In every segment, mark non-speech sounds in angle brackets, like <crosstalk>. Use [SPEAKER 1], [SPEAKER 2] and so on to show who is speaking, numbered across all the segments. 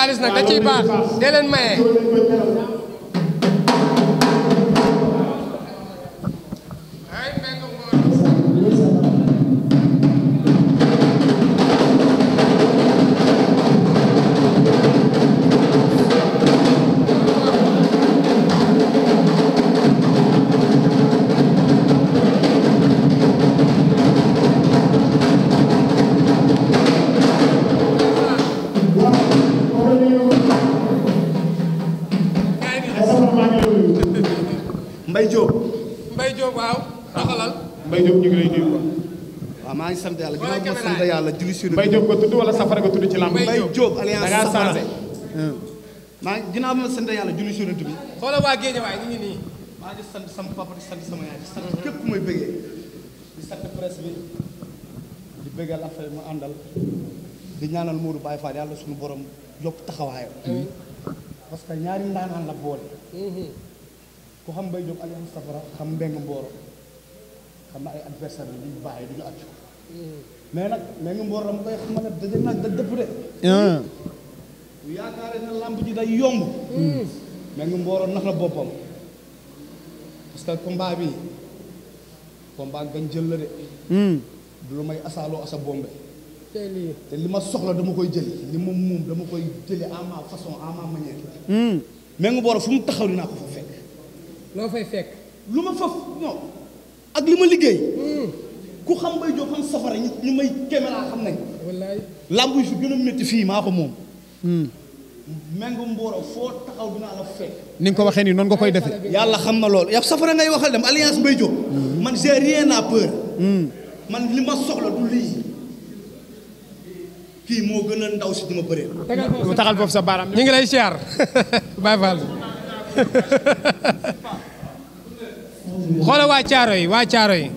[SPEAKER 1] xaalis nag da ciy baax dee leen maye.
[SPEAKER 2] Mbaye Diop. Mbaye Diop waaw taxalal. Mbaye ñu ngi lay nuyu quoi. waaw maa ngi sant yàlla ginnaaw ma sant yàlla julli si. Mbaye Diop nga tudd wala safara nga tudd ci làmb. Mbaye Diop alliance safara euh, maa ngi ginnaaw ma sant yàlla julli si bi. xoolal waa Géeja waaye ñu ngi nii. maa ngi sant sama papa di sant sama yaay di mu àndal di ñaanal Modou yàlla suñu borom yokk taxawaayam. parce que ñaari ndaanaan la boole. Mhm. ku xam Mbaye Diop Alliance Safara xam mbeng mbooro xam na ay adversaire la duñu bàyyi duñu accu mais nag mbeng mbooro dama koy xamal nag ah. ji day yomb mbeng mbooro nax na boppam parce que combat bi combat gañ jël la de hmm. du lu may asaaloo asa bombe te li ma soxla dama koy jël li ma muum dama koy jëli à ma façon à ma hmm. mbeng mbooro fu mu taxaw dinaa ko loo fay fekk lu ma faf non ak li ma liggéey hmm. ku xam bay joo xam safara ñu may caméra xam nañ wallaay làmb yi fi gën a métti fii maa ko moom hmm. mengu mbooro foo taxaw dinaa la fekk ni nga ko waxee nii noonu nga koy defee yàlla xam na loolu yow safara ngay waxal dem alliance bay joo hmm. man j'ai rien naa peur man li ma soxla du lii kii moo gën a ndaw si duma bëree mu taxal foofu sa baaraam ñu ngi lay siyaar <laughs> Baye Fall <laughs>
[SPEAKER 1] xoola waa caaro yi waa caaro yi <laughs>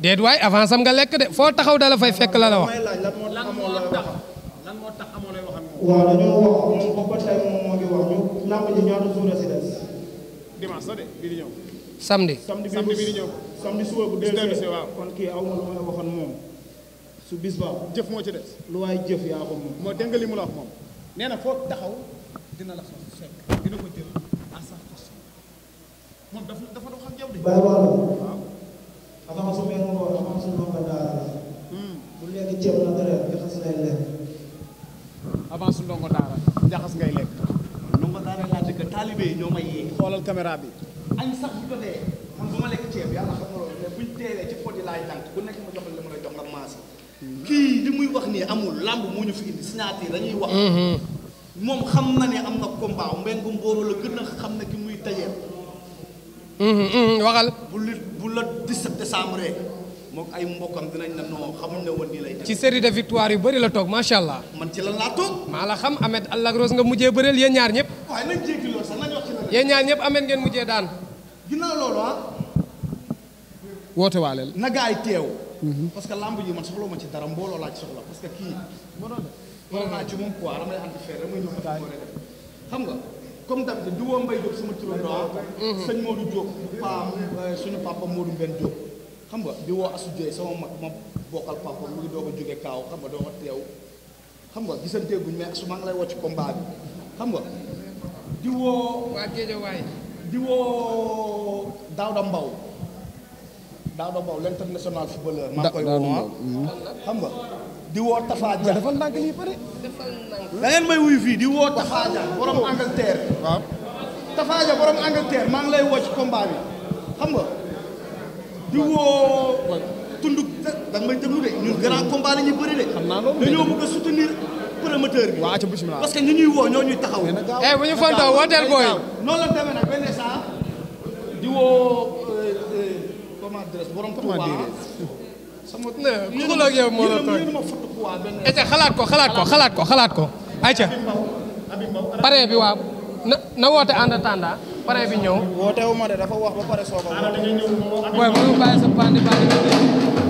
[SPEAKER 1] déet waaye avance am nga lekk de foo taxaw dala fay fekk la la wax. lan moo tax
[SPEAKER 3] lan moo tax amoo lay wax ak moom. moom ba tey moom moo ngi wax ñu làmb ji ñaata suuna si des. dimanche la de bi di ñëw. samedi samedi bi di ñëw. samedi suba moom. su bis ba jëf moo ci des. lu waay jëf yaa ko moom.
[SPEAKER 2] moo dégg nga li mu la wax moom. nee foo taxaw dina la fekk dina ko jël añ sax bu jotee man bu ma lekk ceeb yàlla xam ci pot laay tànk bu nekk ma jox la li ma jox nga maas mm-hmm. kii li muy wax nii amul làmb moo ñu fi indi signature dañuy wax. Mm-hmm. moom xam na ne am na combat Mbengue Mboro la gën a xam ne ki muy tajeel.
[SPEAKER 1] Mm-hmm, waxal.
[SPEAKER 2] bu lu bu la 17 décembre moom ay mbokkam dinañ ne non xamuñ ne woon nii lay ci
[SPEAKER 1] série de victoire yu bëri la toog macha allah. man
[SPEAKER 2] ci lan laa toog.
[SPEAKER 1] maa la xam Ahmed Lac Rose nga mujjee bëreel yéen ñaar ñëpp. yéen
[SPEAKER 2] ñaar ñëpp ameen ngeen mujjee daan. ginnaaw loolu ah. woote waaleel. na gaay teew. parce que lamb ji man soxla ma ci dara mbooloo laa ci soxla parce que kii. mbooloo a ci moom quoi xam nga comme d'habitude du woo Mbaye Diop sama turandoo. Ah. Mhm. sëñ Modou Diop paam euh, suñu xam nga di woo Assou Dieye sama mag ma bokkal papa mu ngi doog a jóge kaaw xam nga doo ko teew xam nga gisanteeguñ mais su maa ngi lay woo ci combat bi xam nga. di woo waa Géejawaay di woo Daouda Mbaw Daouda l'international footballeur maa koy woo mhm. xam nga di woo Tafa Dia dafa ndànk lii bëri da ngeen may fii di woo Tafa Dia borom Angleterre waaw Tafa Dia borom Angleterre maa ngi lay woo ci combat xam nga di woo tund da may déglu de ñun grand combat la ñuy de xam naa loolu dañoo bëgg a promoteur bi. waaw ca bisimilah parce que ñu ñuy woo ñoo ñuy taxaw. eh bu ñu fontoo wooteel booy. di woo euh, euh, comment dirais borom Touba sama kuréel ak yow xalaat ko xalaat ko xalaat
[SPEAKER 1] ko xalaat ko. ayca pare bi waaw na na woote en attendant pare bi ñëw. woote wu de dafa wax ba pare soo ko. booy mënul bàyyi sa pandi pandi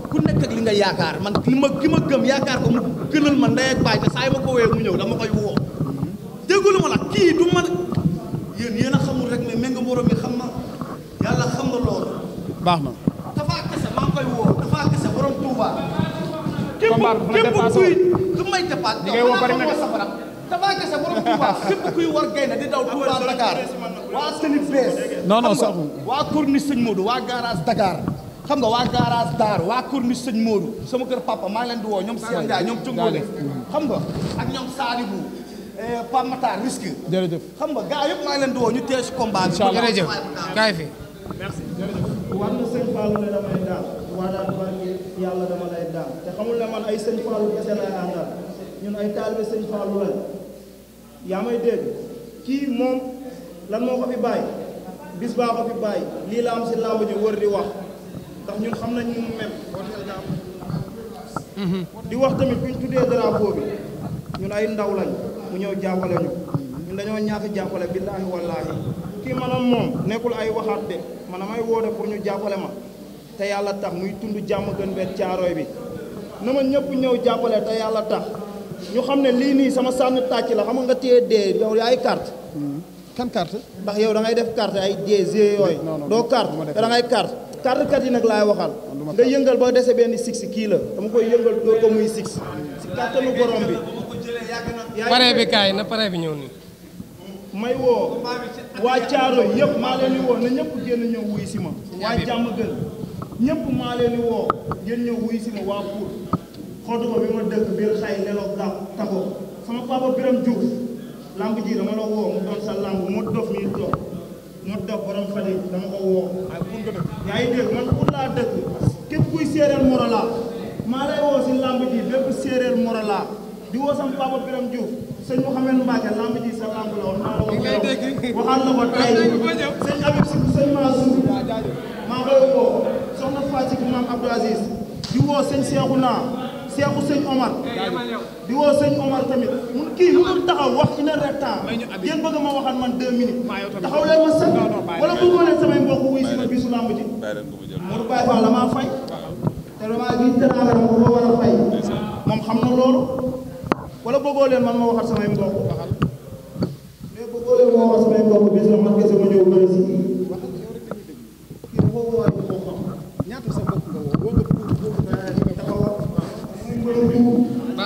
[SPEAKER 2] ku nekk ak li nga yaakaar man li ma ki ma gëm yaakaar ko mu gënal ma ndey ak baay te saa yi ma ko wooyee mu ñëw dama koy woo déggulu ma la kii du man yéen yéen a xamul rek mais ménga moroom mi xam na yàlla xam na loolu
[SPEAKER 1] baax na dafa kese
[SPEAKER 2] maa ngi koy kuy du may japaat aa waa Seni Bees non non sax waa Corniche Sëñ Modou waa garage Dakar xam nga waa garage daar waa corniche sëñ Modou sama kër papa maa leen di woo ñoom Sène Ndiaye ñoom Cungoole xam nga ak ñoom Salibou eh, Pape Matar xam nga gars yëpp maa ngi leen di woo ñu tee si combat bi damay daal waa daal barke
[SPEAKER 3] yàlla dama lay daal te xamul ne man ay sëñ Fallou kese lay àndal ñun ay taalibe sëñ Fallou lañ yaa may dégg kii moom lan moo ko fi bàyyi bis baa ko fi bàyyi lii la am si làmb ji wër di wax ndax xam nañ ñu mhm. di wax tamit bu ñu tuddee drapeau bi ñun ay ndaw lañ mu ñëw jàppale ñu ñun dañoo ñàkk jàppale billaahi wallaahi kii maanaam moom nekkul ay waxaat de maanaam ay woote pour ñu jàppale ma te yàlla tax muy tund jàmm gën bet caarooy bi na ma ñëpp ñëw jàppale te yàlla tax ñu xam ne lii nii sama sànni tàcc la xam nga téye dee yow yaay carte mhm. kan carte ndax yow da ngay def carte ay GG yooyu doo carte da ngay carte carte kat yi nag laay waxal nga yëngal ba dese benn six kii la dama koy yëngal doo ko muy six si kàttanu borom bi pare bi
[SPEAKER 1] kaay na pare bi ñëw nii
[SPEAKER 3] may woo waa caaro yëpp maa leen woo na ñëpp génn ñëw wuy si ma waa jàmm gën ñëpp maa woo génn ñëw wuy si ma waa bi ma xay lelo gaaw tago sama papa Biram Diouf lamb ji dama la woo mu doon sa lamb mu dof mi toog mu dof borom fali dama ko woo. yaa ngi dégg man pour laa dëkk képp kuy séeréer morolaa maa lay si lamb ji bépp séeréer morolaa di woo sama papa Biram Diouf lamb ji sa lamb la woon. waxal na ko tey sëñ Habib si sëñ Mansour maa koy woo soxna Fatick maam Abdou Aziz di woo sëñ Cheikhouna seexu sëñ Omar di woo sëñ Omar tamit mun kii mënul taxaw wax une heure de temps yéen bëgg ma waxal man deux minutes taxaw leen ma sën wala bu ma leen samay mbokk wuy si ma bisu lamb ji Modou Baye Fall la maa fay te damaa gis teraanga ko ba war a fay moom xam na loolu wala bëggoo leen man ma waxal samay mbokk mais bëggoo ma waxal samay mbokk bis si